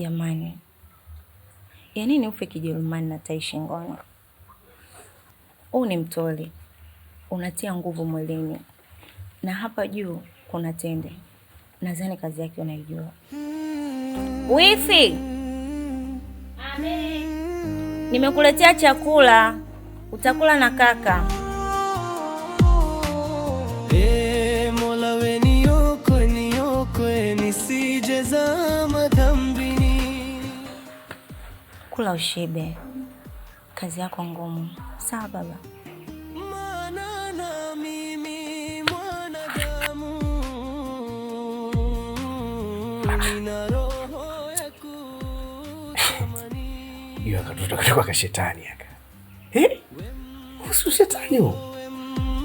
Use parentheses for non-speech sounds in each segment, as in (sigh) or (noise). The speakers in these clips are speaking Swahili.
jamani, ya nini ufe kijerumani na tai shingoni? Huu ni mtoli unatia nguvu mwilini, na hapa juu kuna tende. Nadhani kazi yake unaijua. Wifi, nimekuletea chakula, utakula na kaka. kula ushibe, kazi yako ngumu. Sawa baba. kutoka kwa shetani aka. Eh? Usu shetani huo.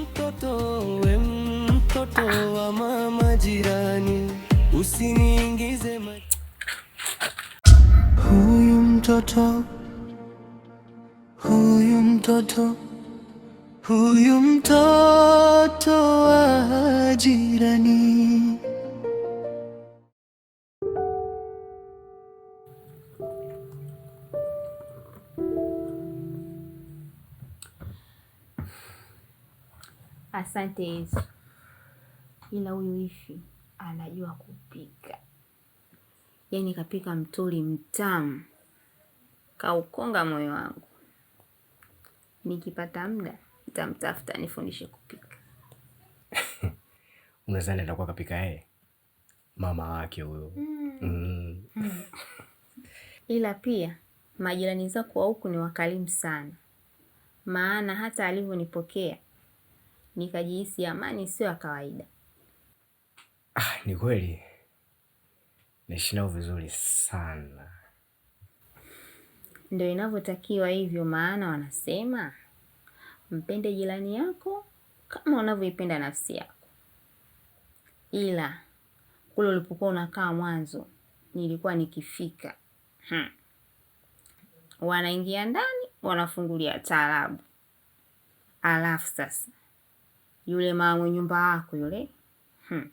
Mtoto we mtoto wa mama jirani, usiniingize mtoto huyu mtoto huyu mtoto wa jirani. Asante Yesu, ila huyu ifi anajua kupika, yaani kapika mtuli mtamu kaukonga moyo wangu. Nikipata muda nitamtafuta nifundishe kupika. (laughs) unazani atakuwa kapika yeye? Mama wake huyo. Hmm. Mm. Mm. Mm. Ila pia majirani zako wa huku ni wakarimu sana, maana hata alivyonipokea nikajihisi amani sio ya kawaida. Ah, ni kweli naishi nao vizuri sana. Ndio inavyotakiwa hivyo, maana wanasema mpende jirani yako kama unavyoipenda nafsi yako. Ila kule ulipokuwa unakaa mwanzo, nilikuwa nikifika hmm. Wanaingia ndani wanafungulia taarabu, alafu sasa yule mama nyumba yako yule hmm.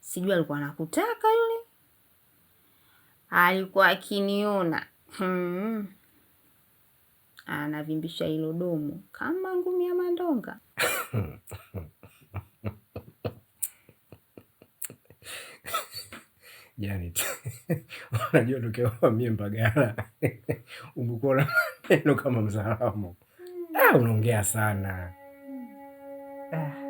Sijui alikuwa anakutaka yule, alikuwa akiniona Hmm. Anavimbisha hilo domo kama ngumi ya mandonga. Janet, (laughs) yaani, unajua tukiwa mie Mbagala umekuwa na maneno kama msalamu. Hmm. Ah, unaongea sana. Ah.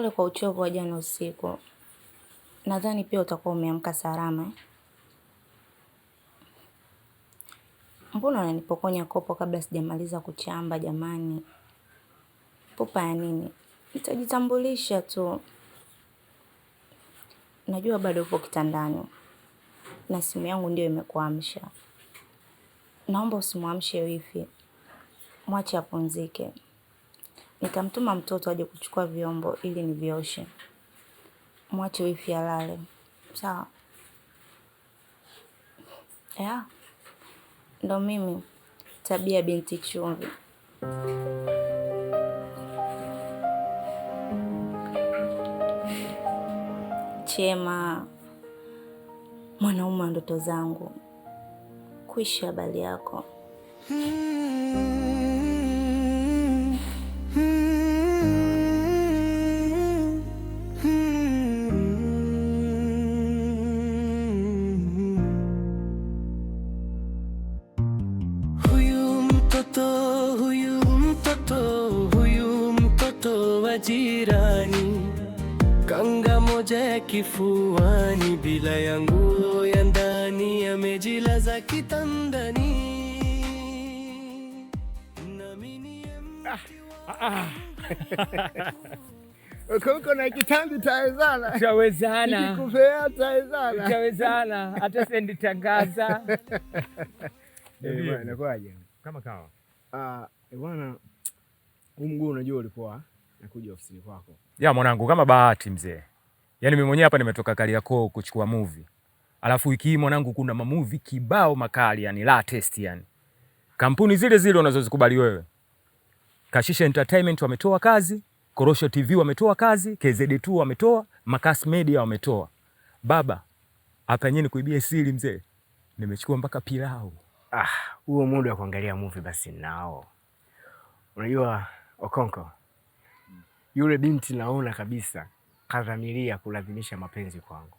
Pole kwa uchovu wa jana usiku. Nadhani pia utakuwa umeamka salama. Mbona unanipokonya kopo kabla sijamaliza kuchamba jamani? Pupa ya nini? Nitajitambulisha tu. Najua bado upo kitandani. Na simu yangu ndio imekuamsha. Naomba usimwamshe wifi. Mwache apumzike. Nitamtuma mtoto aje kuchukua vyombo ili nivioshe. Mwache wifi alale. Sawa? Ya. Ndo mimi tabia binti chumvi. Chema, mwanaume wa ndoto zangu. Kuishi habari yako. Hmm. kifuani bila ya nguo ya ndani, amejilaza kitandani. Ah, ah, ah. (laughs) Uko na kitandi taezana tawezana, kupea taezana tawezana hata sendi tangaza (laughs) eh, inakuwaje? kama kawa eh, bwana, huu mguu unajua ulikuwa nakuja ofisini kwako ya mwanangu, kama bahati mzee Yaani mimi mwenyewe hapa nimetoka Kariakoo kuchukua movie. Alafu wiki hii mwanangu kuna mamuvi kibao makali yani latest yani. Kampuni zile zile unazozikubali wewe. Kashisha Entertainment wametoa kazi, Korosho TV wametoa kazi, KZD2 wametoa, Makas Media wametoa. Baba, hapa nyinyi kuibia siri mzee. Nimechukua mpaka pilau. Ah, huo muda wa kuangalia movie basi nao. Unajua Okonko, yule binti naona kabisa kadhamiria kulazimisha mapenzi kwangu.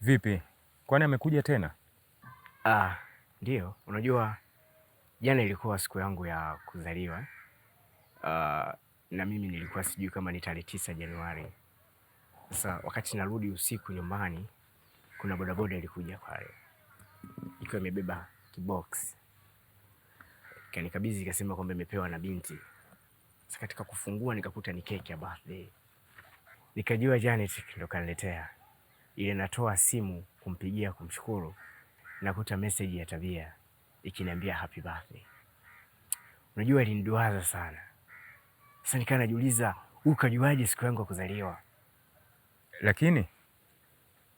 Vipi, kwani amekuja tena? Ah, ndio. Unajua jana ilikuwa siku yangu ya kuzaliwa ah, na mimi nilikuwa sijui kama ni tarehe tisa Januari. Sasa wakati narudi usiku nyumbani, kuna bodaboda ilikuja pale ikiwa imebeba kibox, ikanikabidhi, ikasema kwamba imepewa na binti. Sasa katika kufungua nikakuta ni keki ya birthday Nikajua Janet ndo kaniletea ile, natoa simu kumpigia kumshukuru, nakuta message ya Tabia ikiniambia happy birthday. Unajua ilinduaza sana. Sasa nikaa najiuliza, ukajuaje siku yangu ya kuzaliwa? Lakini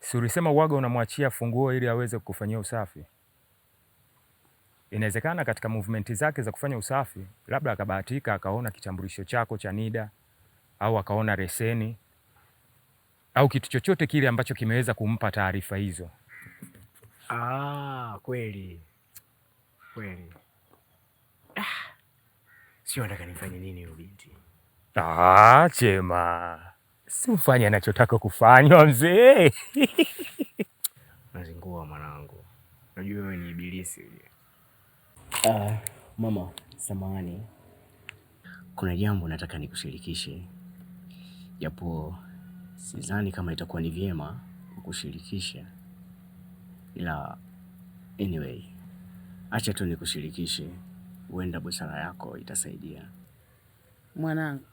si ulisema uwaga unamwachia funguo ili aweze kukufanyia usafi? Inawezekana katika movement zake za kufanya usafi, labda akabahatika akaona kitambulisho chako cha NIDA au akaona reseni au kitu chochote kile ambacho kimeweza kumpa taarifa hizo. Ah, kweli kweli. Ah, sio nataka nifanye nini huyu binti? Ah, Chema, ufanye anachotaka kufanywa mzee. (laughs) Nazingua mwanangu, najua wewe ni ibilisi Ah, mama samahani, kuna jambo nataka nikushirikishe japo sidhani kama itakuwa ni vyema kushirikisha, ila anyway, acha tu nikushirikishe, huenda busara yako itasaidia. Mwanangu,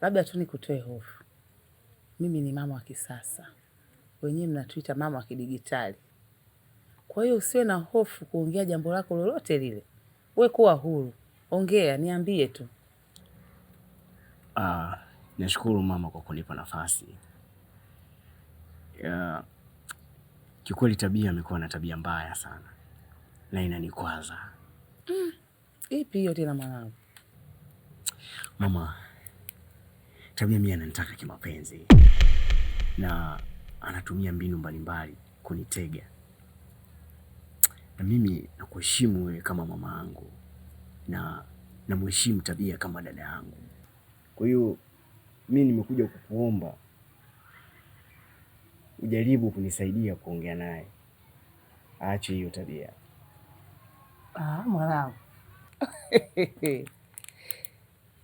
labda tu nikutoe hofu, mimi ni mama wa kisasa, wenyewe mnatuita mama wa kidigitali. Kwa hiyo usiwe na hofu kuongea jambo lako lolote lile, we kuwa huru, ongea, niambie tu. Ah, nashukuru mama kwa kunipa nafasi kikweli kiukweli Tabia amekuwa na tabia mbaya sana na inanikwaza. Mm. Ipi hiyo tena mwanangu? Mama, Tabia mimi ananitaka kimapenzi na anatumia mbinu mbalimbali kunitega, na mimi nakuheshimu wewe kama mama yangu na namheshimu Tabia kama dada yangu, kwa hiyo mimi nimekuja kukuomba ujaribu kunisaidia kuongea naye aache hiyo tabia. Ah, mwanangu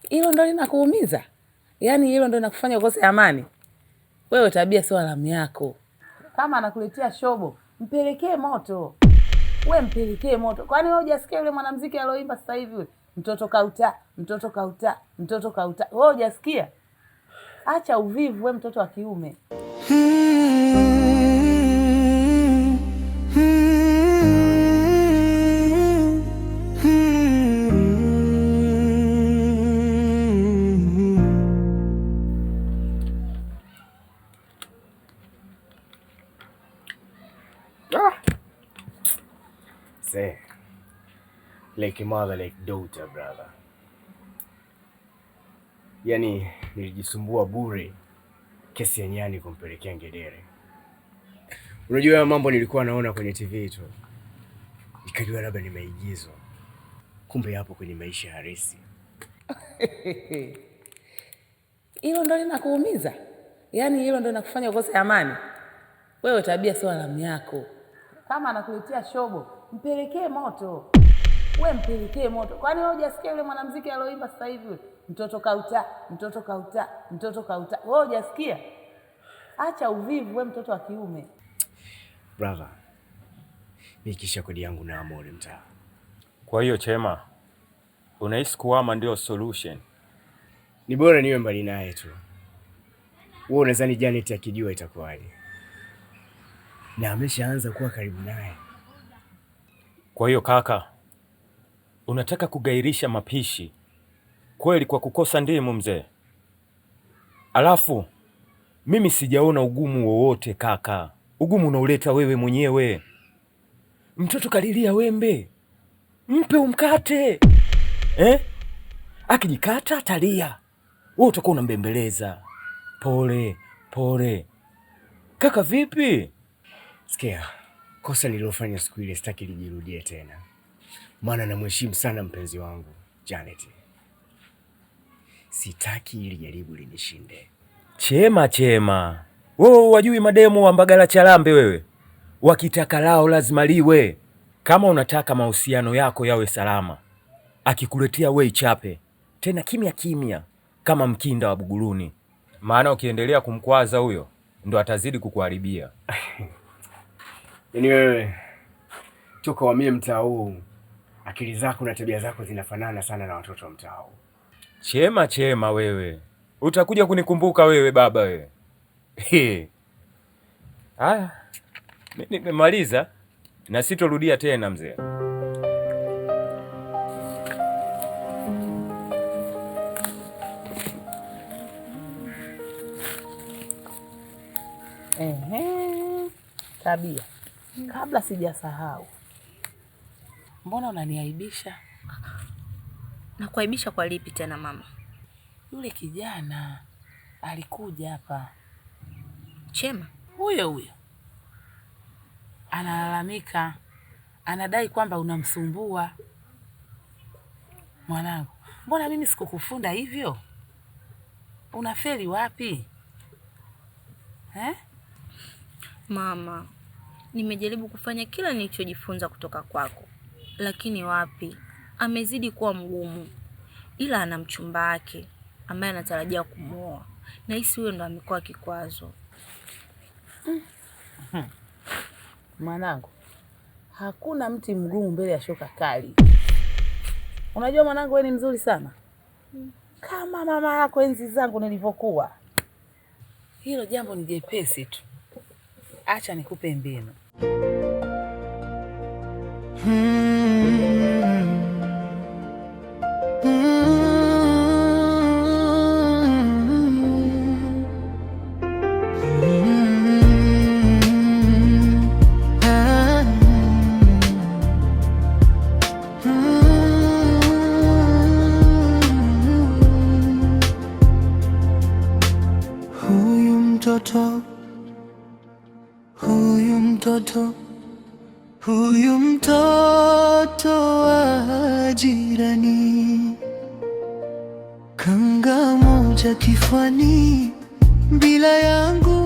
hilo ndo linakuumiza? Yaani hilo ndo linakufanya ukose amani? Wewe tabia sio alamu yako. Kama anakuletea shobo, mpelekee moto, we mpelekee moto. Kwani wewe hujasikia yule mwanamuziki aloimba sasa hivi mtoto kauta, mtoto kauta, mtoto kauta? Wewe hujasikia? Acha uvivu, we mtoto wa kiume. Hmm. like mother like daughter brother. Yani nilijisumbua bure, kesi ya nyani kumpelekea ngedere. Unajua mambo nilikuwa naona kwenye TV tu, nikajua labda ni maigizo, kumbe yapo kwenye maisha halisi. (laughs) Hilo ndo linakuumiza? yani hilo ndo linakufanya ukose amani? Wewe tabia sio alamu yako. Kama anakuletea shobo, mpelekee moto we mpilikie moto. Kwani wewe hujasikia yule mwanamuziki alioimba sasa hivi yule mtoto kauta, mtoto kauta, mtoto kauta, wewe hujasikia? Acha uvivu, we mtoto wa kiume. Brother, nikisha kodi yangu na amore mtaa. Kwa hiyo Chema, unahisi kuama ndio solution? Ni bora niwe mbali naye tu. Wewe unadhani Janet akijua itakuwaje? Na ameshaanza kuwa karibu naye. Kwa hiyo kaka Unataka kugairisha mapishi kweli kwa kukosa ndimu mzee? Alafu mimi sijaona ugumu wowote kaka, ugumu unauleta wewe mwenyewe. Mtoto kalilia wembe, mpe umkate eh? Akijikata talia, wewe utakuwa unambembeleza. Pole pole kaka. Vipi? Sikia, kosa nililofanya siku ile sitaki lijirudie tena maana namheshimu sana mpenzi wangu Janet. Sitaki ili jaribu linishinde. Chema chema, wewe wajui mademu wa Mbagala Chalambe, wewe wakitaka lao lazima liwe. Kama unataka mahusiano yako yawe salama, akikuletea we ichape tena kimya kimya kama mkinda wa Buguruni, maana ukiendelea kumkwaza huyo ndo atazidi kukuharibia. (laughs) Yaani wewe wa mie mtaa huu akili zako na tabia zako zinafanana sana na watoto wa mtaa Chema chema, wewe utakuja kunikumbuka wewe baba wewe. Haya, mimi nimemaliza na sitorudia tena mzee. Ehe, tabia kabla sijasahau Mbona unaniaibisha? Nakuaibisha kwa lipi tena mama? Yule kijana alikuja hapa, Chema huyo huyo, analalamika, anadai kwamba unamsumbua mwanangu. Mbona mimi sikukufunda hivyo? Unafeli wapi eh? Mama, nimejaribu kufanya kila nilichojifunza kutoka kwako, lakini wapi, amezidi kuwa mgumu, ila ana mchumba wake ambaye anatarajia kumwoa. Nahisi huyo ndo amekuwa kikwazo. Hmm. Mwanangu, hakuna mti mgumu mbele ya shoka kali. Unajua mwanangu, wewe ni mzuri sana hmm. kama mama yako enzi zangu nilivyokuwa. Hilo jambo ni jepesi tu, acha nikupe mbinu. 흠 도둑 흠 도둑 huyu mtoto wa jirani, kanga moja kifani bila yangu